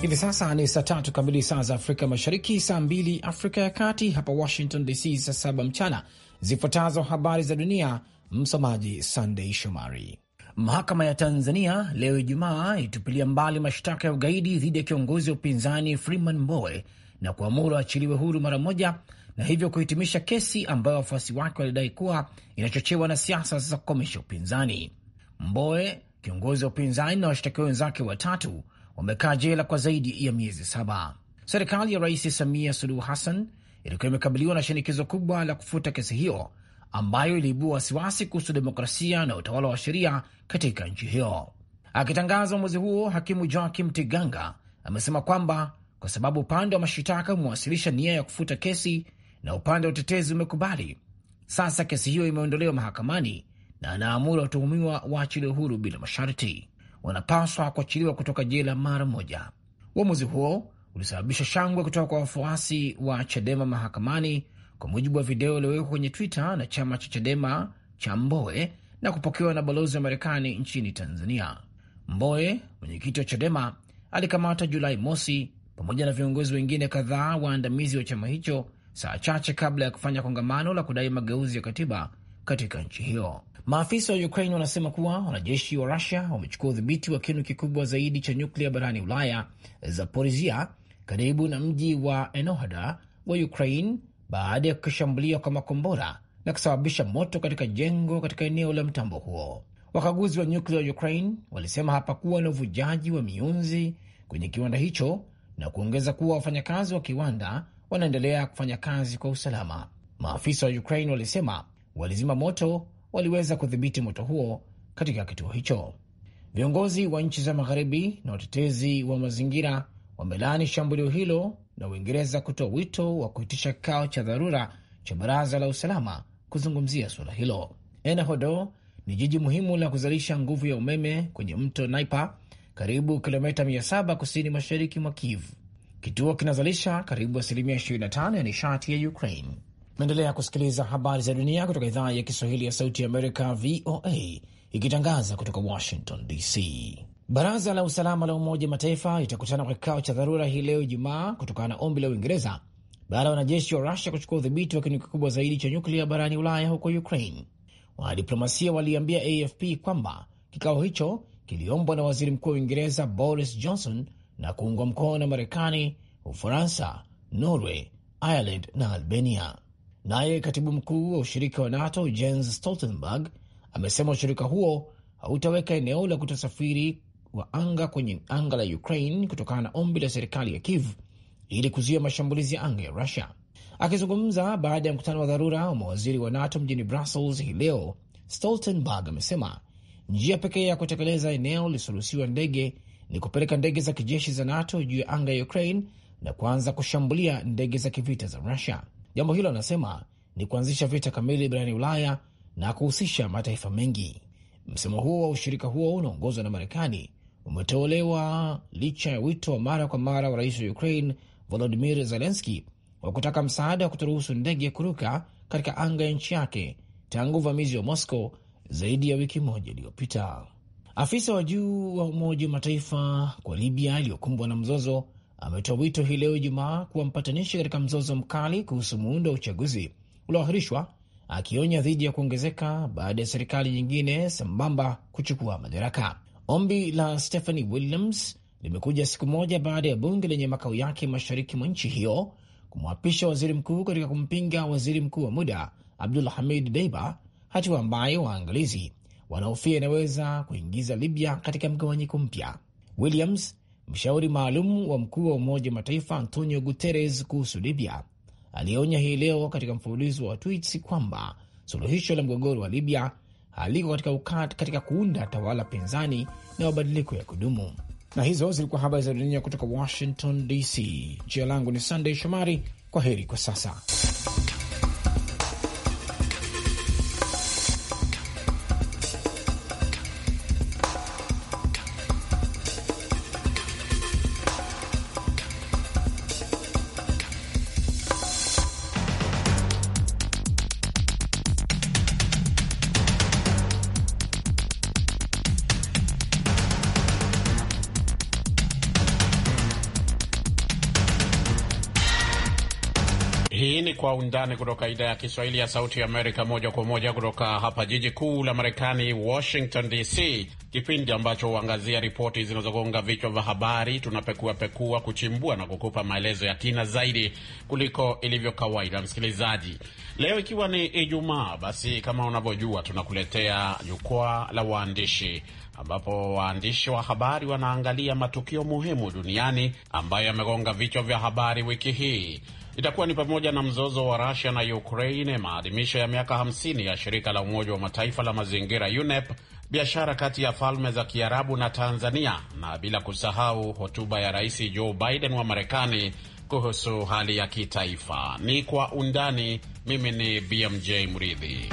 Hivi sasa ni saa tatu kamili, saa za Afrika Mashariki, saa mbili Afrika ya Kati. Hapa Washington DC saa saba mchana. Zifuatazo habari za dunia, msomaji Sandei Shomari. Mahakama ya Tanzania leo Ijumaa itupilia mbali mashtaka ya ugaidi dhidi ya kiongozi wa upinzani Freeman Mbowe na kuamuru achiliwe huru mara moja, na hivyo kuhitimisha kesi ambayo wafuasi wake walidai kuwa inachochewa na siasa za kukomesha upinzani. Mbowe, kiongozi wa upinzani, na washtakiwa wenzake watatu wamekaa jela kwa zaidi ya miezi saba. Serikali ya Rais Samia Suluhu Hassan ilikuwa imekabiliwa na shinikizo kubwa la kufuta kesi hiyo ambayo iliibua wasiwasi kuhusu demokrasia na utawala wa sheria katika nchi hiyo. Akitangaza uamuzi huo, hakimu Joakim Tiganga amesema kwamba kwa sababu upande wa mashitaka umewasilisha nia ya kufuta kesi na upande wa utetezi umekubali, sasa kesi hiyo imeondolewa mahakamani na anaamuru watuhumiwa waachiliwe huru bila masharti wanapaswa kuachiliwa kutoka jela mara moja. Uamuzi huo ulisababisha shangwe kutoka kwa wafuasi wa Chadema mahakamani, kwa mujibu wa video iliyowekwa kwenye Twitter na chama cha Chadema cha Mboe na kupokewa na balozi wa Marekani nchini Tanzania. Mboe, mwenyekiti wa Chadema, alikamata Julai mosi pamoja na viongozi wengine kadhaa waandamizi wa chama hicho saa chache kabla ya kufanya kongamano la kudai mageuzi ya katiba katika nchi hiyo. Maafisa wa Ukraine wanasema kuwa wanajeshi wa Rusia wamechukua udhibiti wa kinu kikubwa zaidi cha nyuklia barani Ulaya, Zaporizia, karibu na mji wa Enohada wa Ukraine baada ya kukishambulia kwa makombora na kusababisha moto katika jengo katika eneo la mtambo huo. Wakaguzi wa nyuklia wa Ukraine walisema hapakuwa na uvujaji wa miunzi kwenye kiwanda hicho na kuongeza kuwa wafanyakazi wa kiwanda wanaendelea kufanya kazi kwa usalama. Maafisa wa Ukraine walisema walizima moto waliweza kudhibiti moto huo katika kituo hicho. Viongozi wa nchi za magharibi na watetezi wa mazingira wamelaani shambulio hilo na Uingereza kutoa wito wa kuitisha kikao cha dharura cha baraza la usalama kuzungumzia suala hilo. Enhodo ni jiji muhimu la kuzalisha nguvu ya umeme kwenye mto Naipa, karibu kilomita 700 kusini mashariki mwa Kiev. Kituo kinazalisha karibu asilimia 25 ya nishati ya Ukraine. Naendelea kusikiliza habari za dunia kutoka idhaa ya Kiswahili ya Sauti ya Amerika, VOA, ikitangaza kutoka Washington DC. Baraza la Usalama la Umoja wa Mataifa litakutana kwa kikao cha dharura hii leo Ijumaa kutokana na ombi la Uingereza baada ya wanajeshi wa Rusia kuchukua udhibiti wa kinu kikubwa zaidi cha nyuklia barani Ulaya, huko Ukraine. Wanadiplomasia waliambia AFP kwamba kikao hicho kiliombwa na waziri mkuu wa Uingereza Boris Johnson na kuungwa mkono na Marekani, Ufaransa, Norway, Ireland na Albania. Naye katibu mkuu wa ushirika wa NATO Jens Stoltenberg amesema ushirika huo hautaweka eneo la kutosafiri wa anga kwenye anga la Ukraine kutokana na ombi la serikali ya Kiev ili kuzuia mashambulizi ya anga ya Rusia. Akizungumza baada ya mkutano wa dharura wa mawaziri wa NATO mjini Brussels hii leo, Stoltenberg amesema njia pekee ya kutekeleza eneo lisiloruhusiwa ndege ni kupeleka ndege za kijeshi za NATO juu ya anga ya Ukraine na kuanza kushambulia ndege za kivita za Rusia. Jambo hilo anasema ni kuanzisha vita kamili barani Ulaya na kuhusisha mataifa mengi. Msemo huo wa ushirika huo unaongozwa na Marekani umetolewa licha ya wito wa mara kwa mara wa rais wa Ukraine Volodimir Zelenski wa kutaka msaada wa kutoruhusu ndege kuruka katika anga ya nchi yake tangu uvamizi wa Moscow zaidi ya wiki moja iliyopita. Afisa wa juu wa Umoja wa Mataifa kwa Libya iliyokumbwa na mzozo ametoa wito hii leo Ijumaa kuwa mpatanishi katika mzozo mkali kuhusu muundo wa uchaguzi ulioahirishwa, akionya dhidi ya kuongezeka baada ya serikali nyingine sambamba kuchukua madaraka. Ombi la Stephanie Williams limekuja siku moja baada ya bunge lenye makao yake mashariki mwa nchi hiyo kumwapisha waziri mkuu katika kumpinga waziri mkuu wa muda Abdul Hamid Deiba, hatua ambayo waangalizi wanaofia inaweza kuingiza Libya katika mgawanyiko mpya. Williams Mshauri maalum wa mkuu wa Umoja Mataifa Antonio Guterres kuhusu Libya alionya hii leo katika mfululizo wa tweets kwamba suluhisho la mgogoro wa Libya haliko katika ukat, katika kuunda tawala pinzani na mabadiliko ya kudumu. Na hizo zilikuwa habari za dunia kutoka Washington DC. Jina langu ni Sandey Shomari. Kwa heri kwa sasa. Kwa Undani kutoka idhaa ya Kiswahili ya Sauti ya Amerika, moja kwa moja kutoka hapa jiji kuu la Marekani, Washington DC, kipindi ambacho huangazia ripoti zinazogonga vichwa vya habari. Tunapekuapekua, kuchimbua na kukupa maelezo ya kina zaidi kuliko ilivyo kawaida. Msikilizaji, leo ikiwa ni Ijumaa, basi kama unavyojua, tunakuletea jukwaa la waandishi ambapo waandishi wa habari wanaangalia matukio muhimu duniani ambayo yamegonga vichwa vya habari wiki hii itakuwa ni pamoja na mzozo wa Rusia na Ukraine, maadhimisho ya miaka 50 ya shirika la Umoja wa Mataifa la mazingira UNEP, biashara kati ya falme za Kiarabu na Tanzania, na bila kusahau hotuba ya Rais Joe Biden wa Marekani kuhusu hali ya kitaifa. Ni kwa undani. Mimi ni BMJ Mridhi.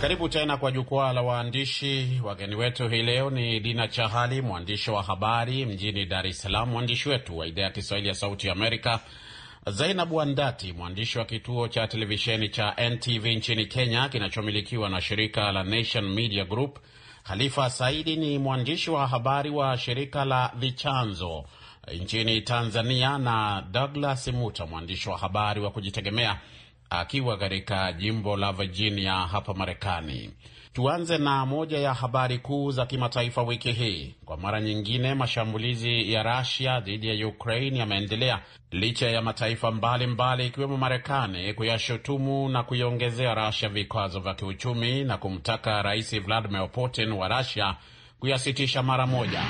Karibu tena kwa jukwaa la waandishi. Wageni wetu hii leo ni Dina Chahali, mwandishi wa habari mjini Dar es Salaam, mwandishi wetu wa idhaa ya Kiswahili ya Sauti ya Amerika, Zainabu Wandati, mwandishi wa kituo cha televisheni cha NTV nchini Kenya kinachomilikiwa na shirika la Nation Media Group. Khalifa Saidi ni mwandishi wa habari wa shirika la Vichanzo nchini Tanzania, na Douglas Muta, mwandishi wa habari wa kujitegemea akiwa katika jimbo la Virginia hapa Marekani. Tuanze na moja ya habari kuu za kimataifa wiki hii. Kwa mara nyingine, mashambulizi ya rasia dhidi ya Ukraine yameendelea licha ya mataifa mbalimbali ikiwemo Marekani kuyashutumu na kuiongezea Russia vikwazo vya kiuchumi na kumtaka Rais Vladimir Putin wa rasia kuyasitisha mara moja.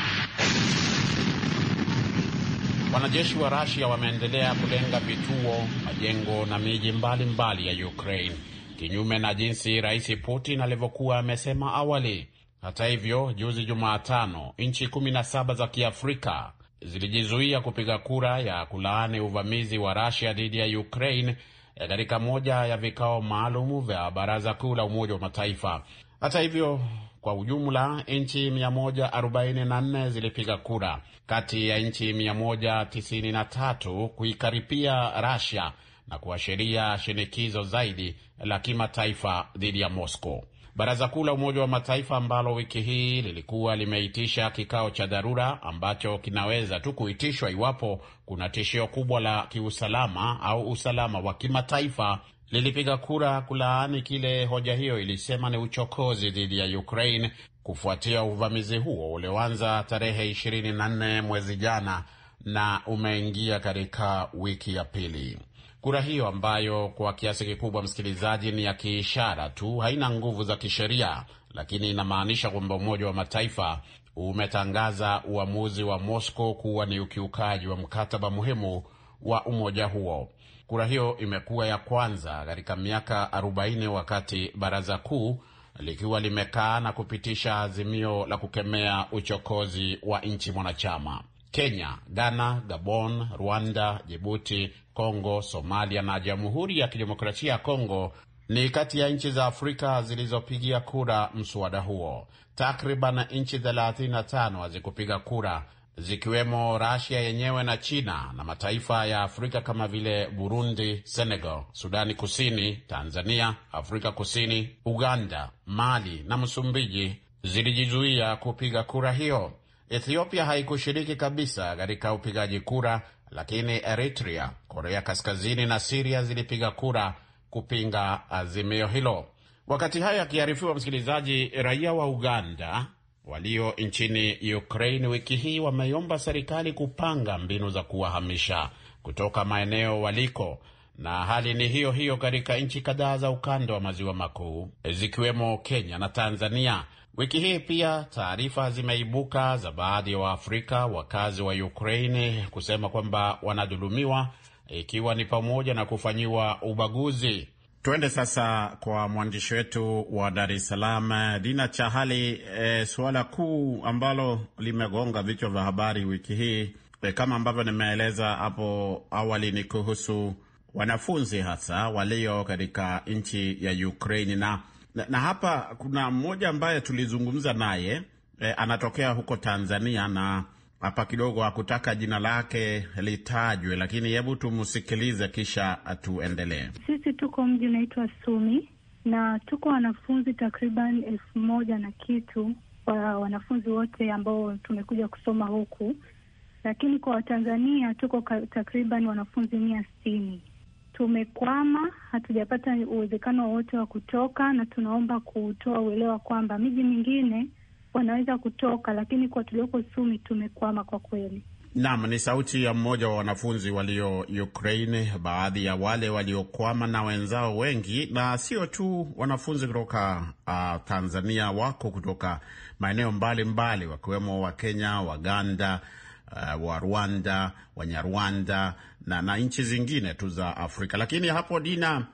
Wanajeshi wa Rasia wameendelea kulenga vituo, majengo na miji mbalimbali ya Ukraine, kinyume na jinsi Rais Putin alivyokuwa amesema awali. Hata hivyo, juzi Jumatano, nchi kumi na saba za Kiafrika zilijizuia kupiga kura ya kulaani uvamizi wa Rasia dhidi ya Ukraine eh, katika moja ya vikao maalumu vya Baraza Kuu la Umoja wa Mataifa. Hata hivyo, kwa ujumla nchi 144 zilipiga kura kati ya nchi 193 kuikaripia Russia na kuashiria shinikizo zaidi la kimataifa dhidi ya Moscow. Baraza Kuu la Umoja wa Mataifa ambalo wiki hii lilikuwa limeitisha kikao cha dharura ambacho kinaweza tu kuitishwa iwapo kuna tishio kubwa la kiusalama au usalama wa kimataifa lilipiga kura kulaani kile hoja hiyo ilisema ni uchokozi dhidi ya Ukraine kufuatia uvamizi huo ulioanza tarehe 24 mwezi jana na umeingia katika wiki ya pili. Kura hiyo ambayo kwa kiasi kikubwa, msikilizaji, ni ya kiishara tu, haina nguvu za kisheria, lakini inamaanisha kwamba Umoja wa Mataifa umetangaza uamuzi wa Moscow kuwa ni ukiukaji wa mkataba muhimu wa umoja huo. Kura hiyo imekuwa ya kwanza katika miaka 40 wakati baraza kuu likiwa limekaa na kupitisha azimio la kukemea uchokozi wa nchi mwanachama. Kenya, Ghana, Gabon, Rwanda, Jibuti, Kongo, Somalia na Jamhuri ya Kidemokrasia ya Kongo ni kati ya nchi za Afrika zilizopigia kura mswada huo. Takriban nchi 35 hazikupiga kura zikiwemo Rasia yenyewe na China na mataifa ya Afrika kama vile Burundi, Senegal, Sudani Kusini, Tanzania, Afrika Kusini, Uganda, Mali na Msumbiji zilijizuia kupiga kura hiyo. Ethiopia haikushiriki kabisa katika upigaji kura, lakini Eritrea, Korea Kaskazini na Siria zilipiga kura kupinga azimio hilo. Wakati hayo akiarifiwa, msikilizaji, raia wa Uganda walio nchini Ukraine wiki hii wameiomba serikali kupanga mbinu za kuwahamisha kutoka maeneo waliko, na hali ni hiyo hiyo katika nchi kadhaa za ukanda wa maziwa makuu zikiwemo Kenya na Tanzania. Wiki hii pia taarifa zimeibuka za baadhi ya wa Waafrika wakazi wa ukrain kusema kwamba wanadhulumiwa, ikiwa ni pamoja na kufanyiwa ubaguzi. Tuende sasa kwa mwandishi wetu wa Dar es Salaam, Dina Chahali. E, suala kuu ambalo limegonga vichwa vya habari wiki hii e, kama ambavyo nimeeleza hapo awali ni kuhusu wanafunzi hasa walio katika nchi ya Ukraini na, na, na hapa kuna mmoja ambaye tulizungumza naye e, anatokea huko Tanzania na hapa kidogo hakutaka jina lake litajwe, lakini hebu tumsikilize, kisha tuendelee. Sisi tuko mji unaitwa Sumi na tuko wanafunzi takriban elfu moja na kitu wa wanafunzi wote ambao tumekuja kusoma huku, lakini kwa Watanzania tuko takriban wanafunzi mia sitini. Tumekwama, hatujapata uwezekano wowote wa kutoka, na tunaomba kutoa uelewa kwamba miji mingine wanaweza kutoka, lakini kwa tulioko Sumi tumekwama kwa kweli. Naam, ni sauti ya mmoja wa wanafunzi walio Ukraine, baadhi ya wale waliokwama na wenzao wengi, na sio tu wanafunzi kutoka uh, Tanzania, wako kutoka maeneo mbalimbali, wakiwemo Wakenya, Waganda, uh, wa Rwanda, Wanyarwanda na, na nchi zingine tu za Afrika. Lakini hapo Dina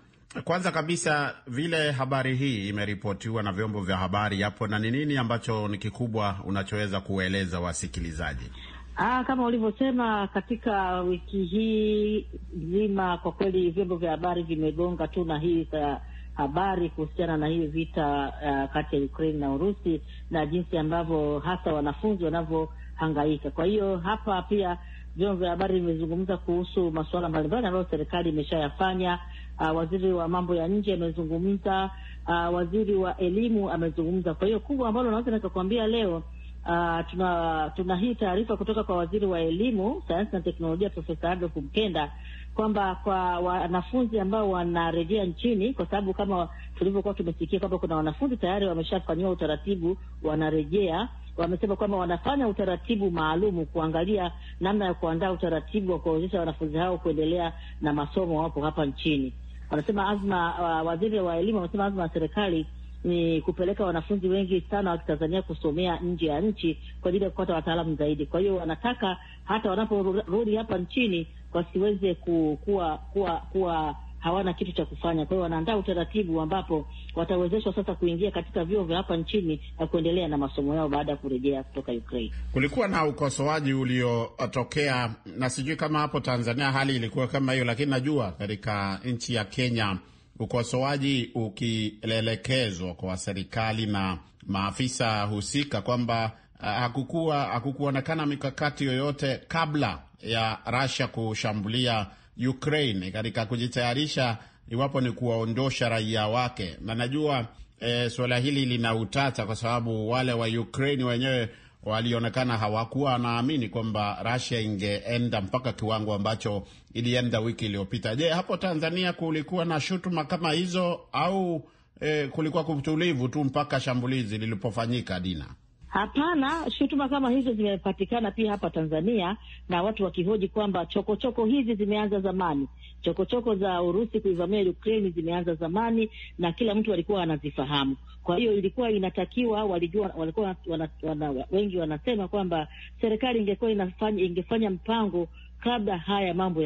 kwanza kabisa vile habari hii imeripotiwa na vyombo vya habari hapo, na ni nini ambacho ni kikubwa unachoweza kuwaeleza wasikilizaji? Aa, ah, kama ulivyosema katika wiki hii nzima, kwa kweli vyombo vya habari vimegonga tu na hii za habari kuhusiana na hii vita uh, kati ya Ukraine na Urusi na jinsi ambavyo hasa wanafunzi wanavyohangaika. Kwa hiyo hapa pia vyombo vya habari vimezungumza kuhusu masuala mbalimbali ambayo serikali imeshayafanya uh, waziri wa mambo ya nje amezungumza, uh, waziri wa elimu amezungumza. Kwa hiyo kubwa ambalo naweza nikakwambia leo uh, tuna tuna hii taarifa kutoka kwa waziri wa elimu, sayansi na teknolojia Profesa Adolf Mkenda kwamba kwa wanafunzi ambao wanarejea nchini, kwa sababu kama tulivyokuwa tumesikia kwamba kuna wanafunzi tayari wameshafanyiwa utaratibu, wanarejea wamesema kwamba wanafanya utaratibu maalumu kuangalia namna ya kuandaa utaratibu wa kuwawezesha wanafunzi hao kuendelea na masomo wapo hapa nchini wanasema azma wa, waziri wa elimu wamesema azma ya serikali ni kupeleka wanafunzi wengi sana wa Kitanzania kusomea nje ya nchi kwa ajili ya kupata wataalamu zaidi. Kwa hiyo wanataka hata wanaporudi hapa nchini wasiweze ku, kuwa kuwa kuwa hawana kitu cha kufanya. Kwa hiyo wanaandaa utaratibu ambapo watawezeshwa sasa kuingia katika vyuo vya hapa nchini na kuendelea na masomo yao baada ya kurejea kutoka Ukraine. Kulikuwa na ukosoaji uliotokea, na sijui kama hapo Tanzania hali ilikuwa kama hiyo, lakini najua katika nchi ya Kenya ukosoaji ukielekezwa kwa serikali na maafisa husika kwamba uh, hakukuwa hakukuonekana mikakati yoyote kabla ya Russia kushambulia Ukraine katika kujitayarisha iwapo ni kuwaondosha raia wake, na najua e, suala hili lina utata kwa sababu wale wa Ukraine wenyewe walionekana hawakuwa wanaamini kwamba Russia ingeenda mpaka kiwango ambacho ilienda wiki iliyopita. Je, hapo Tanzania kulikuwa na shutuma kama hizo au e, kulikuwa kutulivu tu mpaka shambulizi lilipofanyika? Dina Hapana, shutuma kama hizo zimepatikana pia hapa Tanzania, na watu wakihoji kwamba chokochoko hizi zimeanza zamani, chokochoko choko za Urusi kuivamia Ukraini zimeanza zamani, na kila mtu alikuwa anazifahamu. Kwa hiyo ilikuwa inatakiwa, walijua, walikuwa wana, wana, wengi wanasema kwamba serikali ingekuwa inafanya, ingefanya mpango kabla haya mambo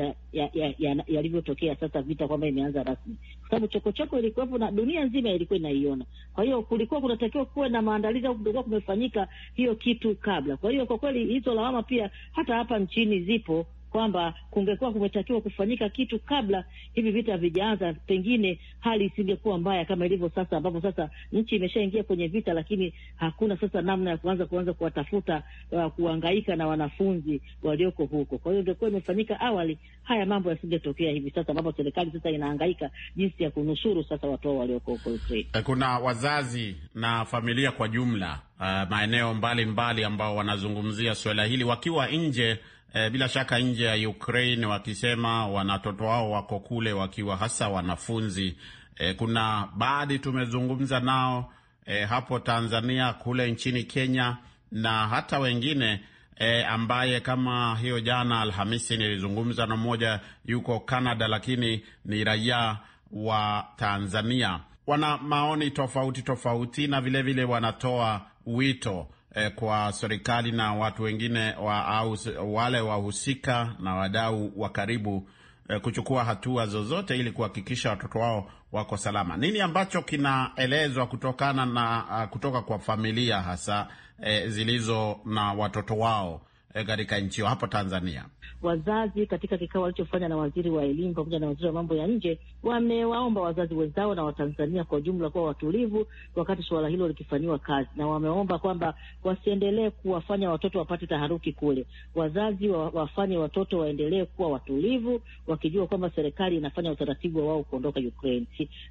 yalivyotokea ya, ya, ya sasa vita kwamba imeanza rasmi kwa sababu chokochoko ilikuwepo na dunia nzima ilikuwa inaiona. Kwa hiyo kulikuwa kunatakiwa kuwe na maandalizi au kulikuwa kumefanyika hiyo kitu kabla. Kwa hiyo kwa kweli hizo lawama pia hata hapa nchini zipo kwamba kungekuwa kumetakiwa kufanyika kitu kabla hivi vita havijaanza, pengine hali isingekuwa mbaya kama ilivyo sasa, ambapo sasa nchi imeshaingia kwenye vita, lakini hakuna sasa namna ya kuanza kuanza kuwatafuta uh, kuangaika na wanafunzi walioko huko. Kwa hiyo ingekuwa imefanyika awali, haya mambo yasingetokea hivi sasa, ambapo serikali sasa inaangaika jinsi ya kunusuru sasa watu walioko huko Ukraine. Eh, kuna wazazi na familia kwa jumla, uh, maeneo mbalimbali ambao wanazungumzia suala hili wakiwa nje e, bila shaka nje ya Ukraine wakisema watoto wao wako kule wakiwa hasa wanafunzi. E, kuna baadhi tumezungumza nao e, hapo Tanzania, kule nchini Kenya na hata wengine e, ambaye kama hiyo jana Alhamisi nilizungumza na mmoja yuko Canada, lakini ni raia wa Tanzania. Wana maoni tofauti tofauti na vilevile vile wanatoa wito eh, kwa serikali na watu wengine wa, au, wale wahusika na wadau wa karibu eh, kuchukua hatua zozote ili kuhakikisha watoto wao wako salama. Nini ambacho kinaelezwa kutokana na uh, kutoka kwa familia hasa eh, zilizo na watoto wao eh, katika eh, nchi hapo Tanzania? wazazi katika kikao walichofanya na waziri wa elimu pamoja na waziri wa mambo ya nje, wamewaomba wazazi wenzao na Watanzania kwa ujumla kuwa watulivu wakati suala hilo likifanyiwa kazi, na wameomba kwamba wasiendelee kuwafanya watoto wapate taharuki kule. Wazazi wa, wafanye watoto waendelee kuwa watulivu, wakijua kwamba serikali inafanya utaratibu wa wao kuondoka Ukraine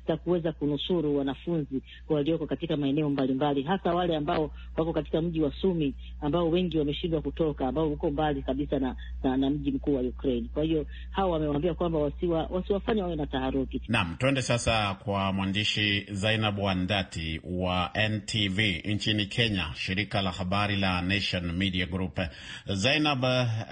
za kuweza kunusuru wanafunzi walioko katika maeneo mbalimbali, hasa wale ambao wako katika mji wa Sumi ambao wengi wameshindwa kutoka, ambao uko mbali kabisa na, na, na mji mkuu wa Ukraine. Kwa hiyo hawa wamewaambia kwamba wasiwa, wasiwafanya wawe na taharuki. Naam, twende sasa kwa mwandishi Zainab Wandati wa NTV nchini Kenya, shirika la habari la Nation Media Group. Zainab,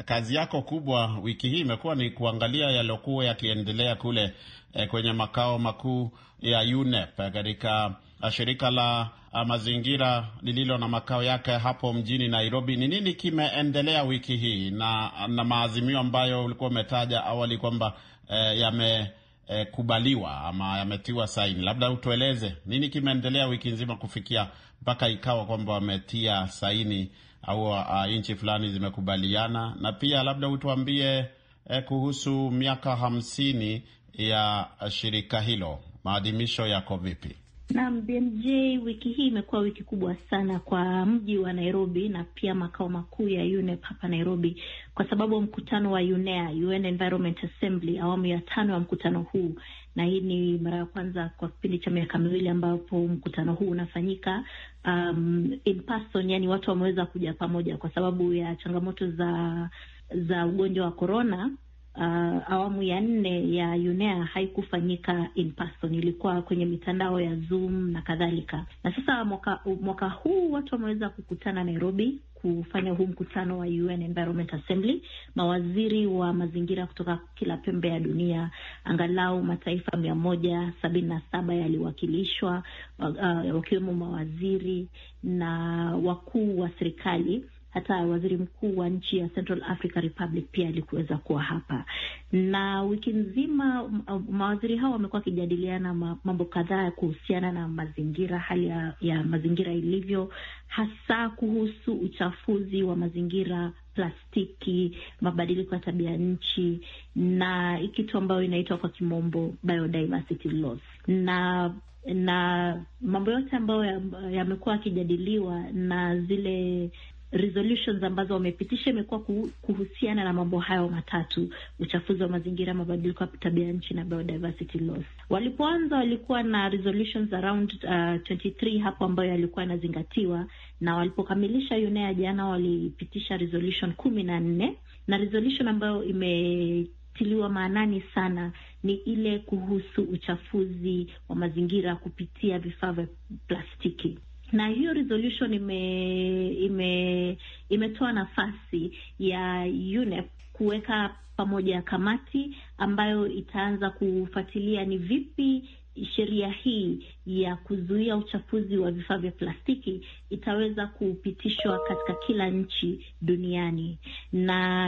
kazi yako kubwa wiki hii imekuwa ni kuangalia yaliyokuwa yakiendelea kule eh, kwenye makao makuu ya UNEP katika eh, shirika la Ah, mazingira lililo na makao yake hapo mjini Nairobi. Ni nini kimeendelea wiki hii na, na maazimio ambayo ulikuwa umetaja awali kwamba eh, yamekubaliwa eh, ama yametiwa saini? Labda utueleze nini kimeendelea wiki nzima kufikia mpaka ikawa kwamba wametia saini au uh, nchi fulani zimekubaliana, na pia labda utuambie eh, kuhusu miaka hamsini ya shirika hilo, maadhimisho yako vipi? Naam, BMJ, wiki hii imekuwa wiki kubwa sana kwa mji wa Nairobi na pia makao makuu ya UNEP hapa Nairobi, kwa sababu mkutano wa UNEA, UN Environment Assembly, awamu ya tano ya mkutano huu, na hii ni mara ya kwanza kwa kipindi cha miaka miwili ambapo mkutano huu unafanyika um, in person, yani watu wameweza kuja pamoja kwa sababu ya changamoto za za ugonjwa wa korona uh, awamu ya nne ya UNEA haikufanyika in person, ilikuwa kwenye mitandao ya Zoom na kadhalika. Na sasa mwaka, mwaka huu watu wameweza kukutana Nairobi kufanya huu mkutano wa UN Environment Assembly, mawaziri wa mazingira kutoka kila pembe ya dunia, angalau mataifa mia moja sabini na saba yaliwakilishwa, uh, wakiwemo mawaziri na wakuu wa serikali hata waziri mkuu wa nchi ya Central Africa Republic pia alikuweza kuwa hapa, na wiki nzima mawaziri hao wamekuwa wakijadiliana mambo kadhaa kuhusiana na mazingira, hali ya, ya mazingira ilivyo, hasa kuhusu uchafuzi wa mazingira plastiki, mabadiliko ya tabia nchi na kitu ambayo inaitwa kwa kimombo biodiversity loss. na na mambo yote ambayo yamekuwa ya yakijadiliwa na zile resolutions ambazo wamepitisha imekuwa kuhusiana na mambo hayo matatu: uchafuzi wa mazingira, mabadiliko ya tabia nchi na biodiversity loss. Walipoanza walikuwa na resolutions around uh, 23 hapo ambayo yalikuwa yanazingatiwa, na walipokamilisha UNEA jana walipitisha resolution kumi na nne na resolution ambayo ime tiliwa maanani sana ni ile kuhusu uchafuzi wa mazingira kupitia vifaa vya plastiki na hiyo resolution ime, ime, imetoa nafasi ya UNEP kuweka pamoja ya kamati ambayo itaanza kufuatilia ni vipi sheria hii ya kuzuia uchafuzi wa vifaa vya plastiki itaweza kupitishwa katika kila nchi duniani na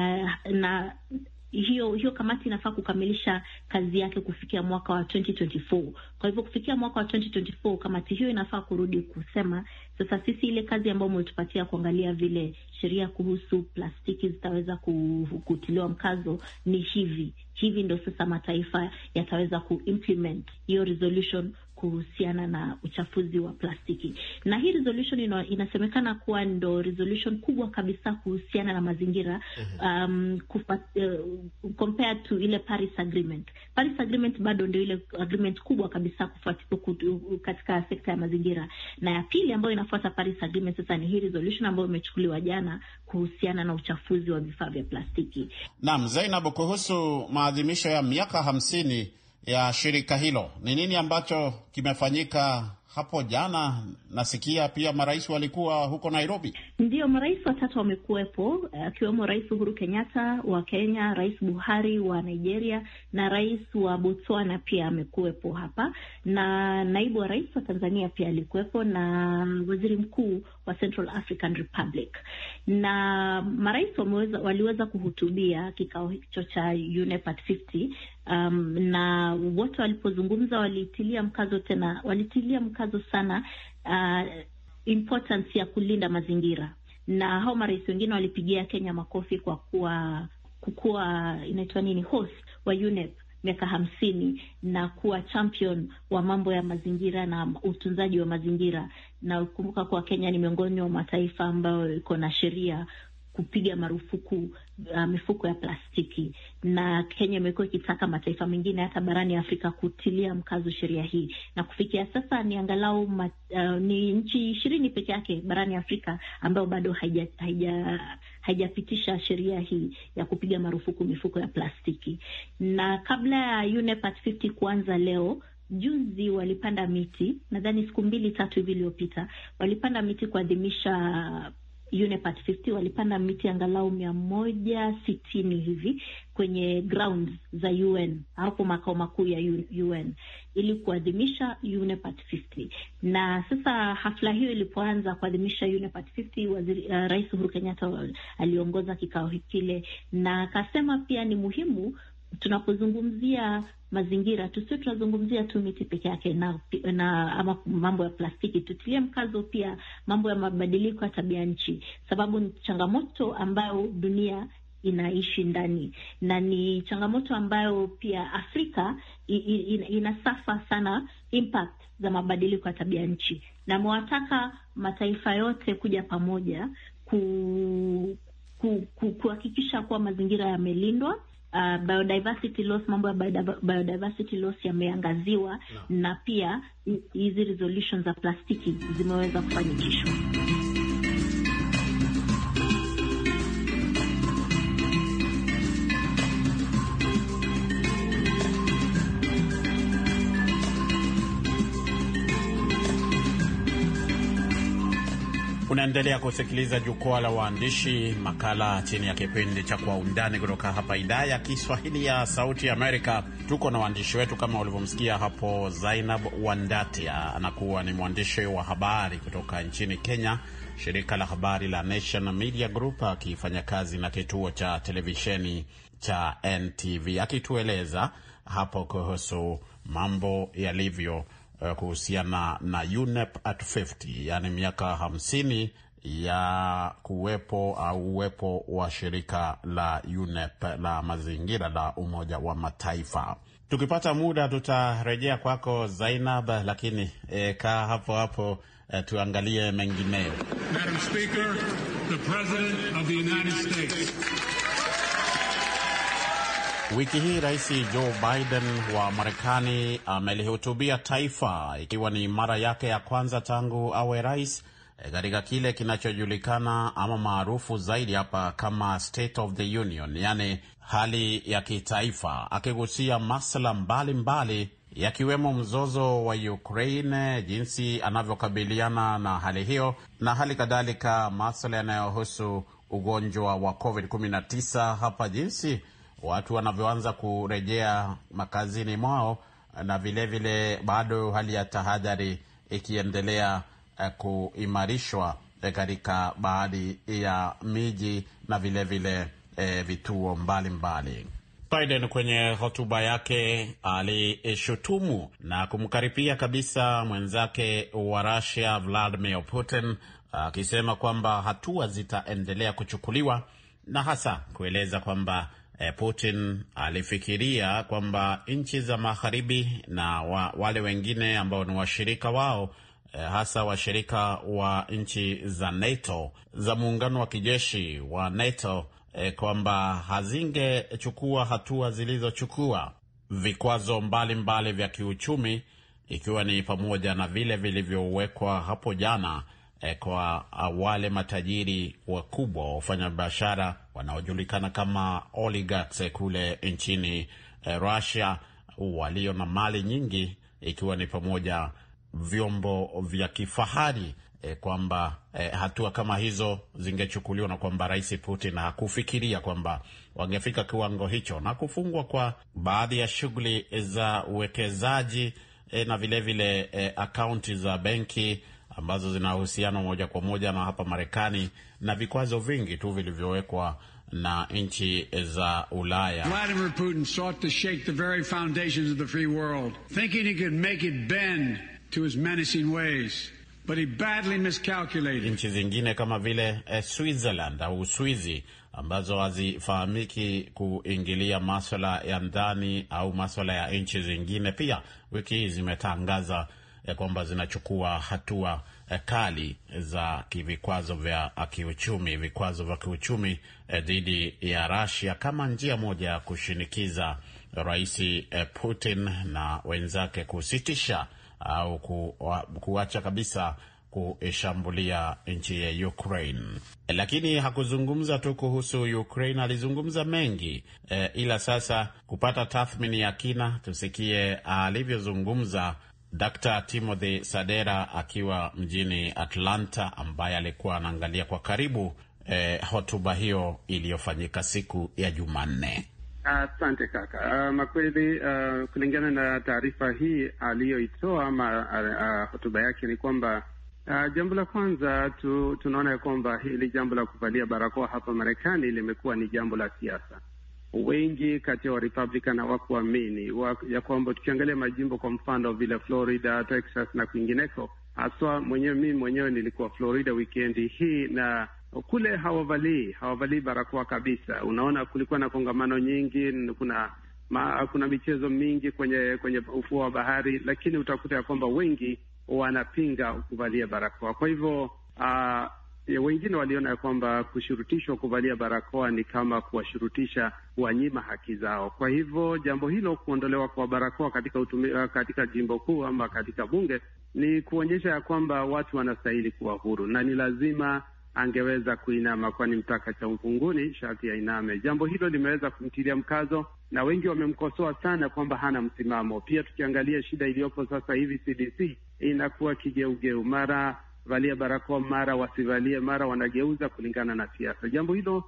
na hiyo hiyo kamati inafaa kukamilisha kazi yake kufikia mwaka wa 2024. Kwa hivyo kufikia mwaka wa 2024 kamati hiyo inafaa kurudi kusema sasa, sisi ile kazi ambayo umetupatia kuangalia vile sheria kuhusu plastiki zitaweza kutiliwa mkazo ni hivi hivi, ndo sasa mataifa yataweza kuimplement hiyo resolution kuhusiana na uchafuzi wa plastiki, na hii resolution ino, inasemekana kuwa ndo resolution kubwa kabisa kuhusiana na mazingira mhm. um, kufa, uh, compared to ile Paris Agreement. Paris Agreement bado ndio ile agreement kubwa kabisa kufuatia katika sekta ya mazingira, na ya pili ambayo inafuata Paris Agreement sasa ni hii resolution ambayo imechukuliwa jana kuhusiana na uchafuzi wa vifaa vya plastiki. Naam, Zainab, kuhusu maadhimisho ya miaka hamsini ya shirika hilo. Ni nini ambacho kimefanyika? Hapo jana nasikia pia marais walikuwa huko Nairobi. Ndiyo, marais watatu wamekuwepo, akiwemo Rais Uhuru Kenyatta wa Kenya, Rais Buhari wa Nigeria na rais wa Botswana pia amekuwepo hapa, na naibu wa rais wa Tanzania pia alikuwepo na waziri mkuu wa Central African Republic. Na marais waliweza kuhutubia kikao hicho cha UNEP at um, na wote walipozungumza walitilia mkazo tena, walitilia mkazo sana uh, importance ya kulinda mazingira, na hao marais wengine walipigia Kenya makofi kwa kuwa kukuwa inaitwa nini host wa UNEP miaka hamsini na kuwa champion wa mambo ya mazingira na utunzaji wa mazingira. Na ukumbuka kuwa Kenya ni miongoni mwa mataifa ambayo iko na sheria kupiga marufuku uh, mifuko ya plastiki, na Kenya imekuwa ikitaka mataifa mengine hata barani Afrika kutilia mkazo sheria hii, na kufikia sasa ni angalau uh, ni nchi ishirini peke yake barani Afrika ambayo bado haija, haija haijapitisha sheria hii ya kupiga marufuku mifuko ya plastiki. Na kabla ya UNEP 50 kuanza leo Juzi walipanda miti nadhani siku mbili tatu hivi iliyopita, walipanda miti kuadhimisha Unipart 50 walipanda miti angalau mia moja sitini hivi kwenye grounds za UN hapo makao makuu ya UN ili kuadhimisha Unipart 50. Na sasa hafla hiyo ilipoanza kuadhimisha Unipart 50, waziri uh, Rais Uhuru Kenyatta aliongoza kikao kile na akasema pia ni muhimu tunapozungumzia mazingira tusio tunazungumzia tu miti peke yake na, na ama mambo ya plastiki. Tutilie mkazo pia mambo ya mabadiliko ya tabia nchi, sababu ni changamoto ambayo dunia inaishi ndani na ni changamoto ambayo pia Afrika inasafa sana impact za mabadiliko ya tabia nchi, na mwataka mataifa yote kuja pamoja ku, ku, ku, kuhakikisha kuwa mazingira yamelindwa uh, biodiversity loss, mambo ya biodiversity loss yameangaziwa no. Na pia hizi resolutions za plastiki zimeweza kufanikishwa. Unaendelea kusikiliza jukwaa la waandishi, makala chini ya kipindi cha Kwa Undani kutoka hapa idhaa ya Kiswahili ya Sauti Amerika. Tuko na waandishi wetu kama ulivyomsikia hapo, Zainab Wandatia anakuwa ni mwandishi wa habari kutoka nchini Kenya, shirika la habari la Nation Media Group, akifanya kazi na kituo cha televisheni cha NTV, akitueleza hapo kuhusu mambo yalivyo Eh, kuhusiana na UNEP at 50, yaani miaka hamsini ya kuwepo au uwepo wa shirika la UNEP la mazingira la Umoja wa Mataifa. Tukipata muda tutarejea kwako Zainab, lakini e, eh, kaa hapo hapo e, tuangalie mengineyo. Madam Speaker, the President of the United States Wiki hii Rais Joe Biden wa Marekani amelihutubia taifa ikiwa ni mara yake ya kwanza tangu awe rais eh, katika kile kinachojulikana ama maarufu zaidi hapa kama State of the Union, yaani hali ya kitaifa, akigusia masuala mbalimbali yakiwemo mzozo wa Ukraine, jinsi anavyokabiliana na hali hiyo, na hali kadhalika masuala yanayohusu ugonjwa wa COVID-19 hapa, jinsi watu wanavyoanza kurejea makazini mwao, na vilevile vile bado hali ya tahadhari ikiendelea eh, kuimarishwa eh, katika baadhi ya miji na vilevile vile, e, vituo mbalimbali mbali. Biden kwenye hotuba yake alishutumu na kumkaripia kabisa mwenzake wa Russia Vladimir Putin akisema kwamba hatua zitaendelea kuchukuliwa na hasa kueleza kwamba Eh, Putin alifikiria kwamba nchi za magharibi na wa, wale wengine ambao ni washirika wao eh, hasa washirika wa, wa nchi za NATO za muungano wa kijeshi wa NATO eh, kwamba hazingechukua hatua zilizochukua vikwazo mbalimbali mbali vya kiuchumi ikiwa ni pamoja na vile vilivyowekwa hapo jana eh, kwa ah, wale matajiri wakubwa wa biashara wanaojulikana kama oligarchs eh, kule nchini eh, Russia walio na mali nyingi ikiwa ni pamoja vyombo vya kifahari eh, kwamba eh, hatua kama hizo zingechukuliwa na kwamba Rais Putin hakufikiria kwamba wangefika kiwango hicho na kufungwa kwa baadhi ya shughuli za uwekezaji eh, na vilevile vile, eh, akaunti za benki ambazo zina uhusiano moja kwa moja na hapa Marekani na vikwazo vingi tu vilivyowekwa na nchi za Ulaya. Vladimir Putin sought to shake the very foundations of the free world, thinking he could make it bend to his menacing ways. But he badly miscalculated. Nchi zingine kama vile eh, Switzerland au Uswizi ambazo hazifahamiki kuingilia maswala ya ndani au maswala ya nchi zingine, pia wiki hii zimetangaza ya kwamba zinachukua hatua eh, kali za vikwazo vya ah, kiuchumi, vikwazo vya kiuchumi eh, dhidi ya Russia kama njia moja ya kushinikiza Rais eh, Putin na wenzake kusitisha ah, au kuacha kabisa kushambulia nchi ya Ukraine. Lakini hakuzungumza tu kuhusu Ukraine, alizungumza mengi e, ila sasa kupata tathmini ya kina tusikie ah, alivyozungumza Dr. Timothy Sadera akiwa mjini Atlanta, ambaye alikuwa anaangalia kwa karibu eh, hotuba hiyo iliyofanyika siku ya Jumanne. Asante uh, kaka. Uh, makweli uh, kulingana na taarifa hii aliyoitoa ama uh, uh, hotuba yake ni kwamba uh, jambo la kwanza tu, tunaona ya kwamba hili jambo la kuvalia barakoa hapa Marekani limekuwa ni jambo la siasa wengi kati ya wa Republican hawakuamini ya kwamba, tukiangalia majimbo kwa mfano vile Florida, Texas na kwingineko, haswa mwenyewe mimi mwenyewe nilikuwa Florida wikendi hii na kule hawavalii hawavalii barakoa kabisa. Unaona, kulikuwa na kongamano nyingi, kuna ma, kuna michezo mingi kwenye kwenye ufuo wa bahari, lakini utakuta ya kwamba wengi wanapinga kuvalia barakoa. Kwa hivyo ah, E, wengine waliona kwamba kushurutishwa kuvalia barakoa ni kama kuwashurutisha wanyima haki zao. Kwa hivyo jambo hilo, kuondolewa kwa barakoa katika utumi, eh, katika jimbo kuu ama katika bunge ni kuonyesha ya kwamba watu wanastahili kuwa huru, na ni lazima angeweza kuinama, kwani mtaka cha shati sharti ainame. Jambo hilo limeweza kumtilia mkazo, na wengi wamemkosoa sana kwamba hana msimamo. Pia tukiangalia shida iliyopo sasa hivi, CDC inakuwa kigeugeu, mara valia barakoa, mara wasivalie, mara wanageuza kulingana na siasa. Jambo hilo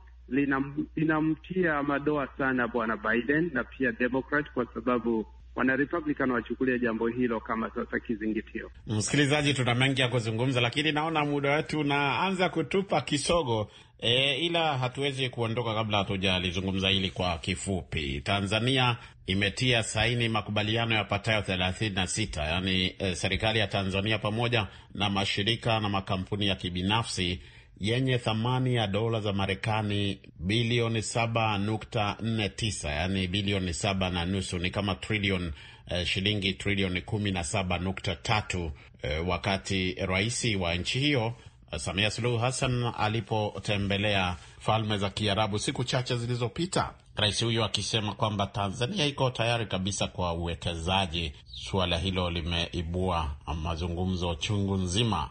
linamtia madoa sana bwana Biden na pia Democrat kwa sababu wanarepublican wachukulia jambo hilo kama sasa kizingitio. Msikilizaji, tuna mengi ya kuzungumza, lakini naona muda wetu unaanza kutupa kisogo e, ila hatuwezi kuondoka kabla hatujalizungumza hili kwa kifupi. Tanzania imetia saini makubaliano yapatayo 36 yaani e, serikali ya Tanzania pamoja na mashirika na makampuni ya kibinafsi yenye thamani ya dola za Marekani bilioni 7.49 yaani bilioni saba na nusu ni kama trilioni e, eh, shilingi trilioni 17.3 e, wakati rais wa nchi hiyo Samia Suluhu Hassan alipotembelea Falme za Kiarabu siku chache zilizopita, rais huyo akisema kwamba Tanzania iko tayari kabisa kwa uwekezaji. Suala hilo limeibua mazungumzo chungu nzima,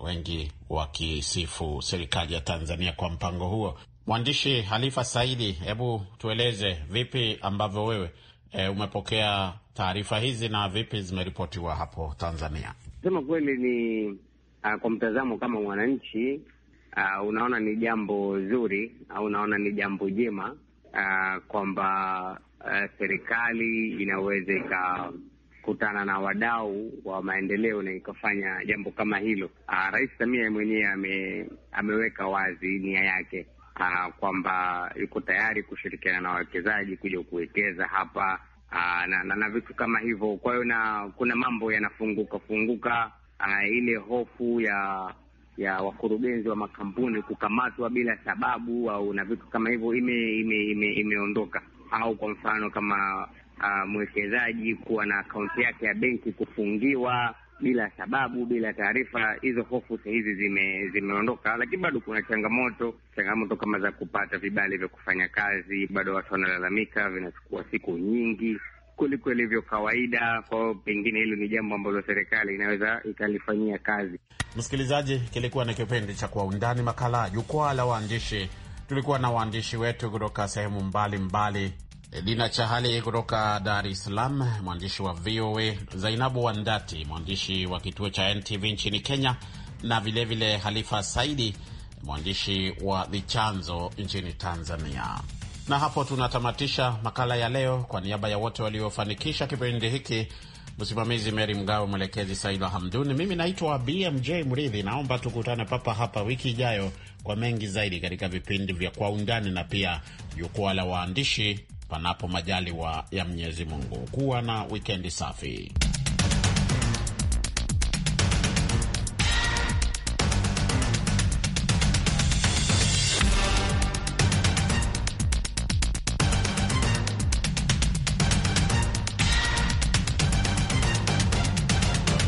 wengi wakisifu serikali ya Tanzania kwa mpango huo. Mwandishi Halifa Saidi, hebu tueleze vipi ambavyo wewe e, umepokea taarifa hizi na vipi zimeripotiwa hapo Tanzania? Sema kweli ni uh, kwa mtazamo kama mwananchi uh, unaona ni jambo zuri au uh, unaona ni jambo jema uh, kwamba uh, serikali inaweza ikakutana na wadau wa maendeleo na ikafanya jambo kama hilo. Uh, Rais Samia mwenyewe ame, ameweka wazi nia yake uh, kwamba yuko tayari kushirikiana na wawekezaji kuja kuwekeza hapa. Aa, na, na, na vitu kama hivyo. Kwa hiyo na kuna mambo yanafunguka funguka uh, ile hofu ya ya wakurugenzi wa makampuni kukamatwa bila sababu au na vitu kama hivyo imeondoka ime, ime, au kwa mfano kama uh, mwekezaji kuwa na akaunti yake ya benki kufungiwa bila sababu, bila taarifa. Hizo hofu sahizi zime, zimeondoka, lakini bado kuna changamoto, changamoto kama za kupata vibali vya kufanya kazi, bado watu wanalalamika, vinachukua siku nyingi kuliko ilivyo kawaida. Kwa hiyo pengine hilo ni jambo ambalo serikali inaweza ikalifanyia kazi. Msikilizaji, kilikuwa ni kipindi cha Kwa Undani, makala jukwaa la waandishi. Tulikuwa na waandishi wetu kutoka sehemu mbalimbali Dina Chahali kutoka Dar es Salaam, mwandishi wa VOA, Zainabu Wandati, mwandishi wa kituo cha NTV nchini Kenya, na vilevile vile Halifa Saidi, mwandishi wa Vichanzo nchini Tanzania. Na hapo tunatamatisha makala ya leo. Kwa niaba ya wote waliofanikisha kipindi hiki, msimamizi Meri Mgawe, mwelekezi Saida Hamduni, mimi naitwa BMJ Mridhi. Naomba tukutane papa hapa wiki ijayo kwa mengi zaidi katika vipindi vya Kwa Undani na pia Jukwaa la Waandishi, panapo majaliwa ya Mwenyezi Mungu. Kuwa na wikendi safi.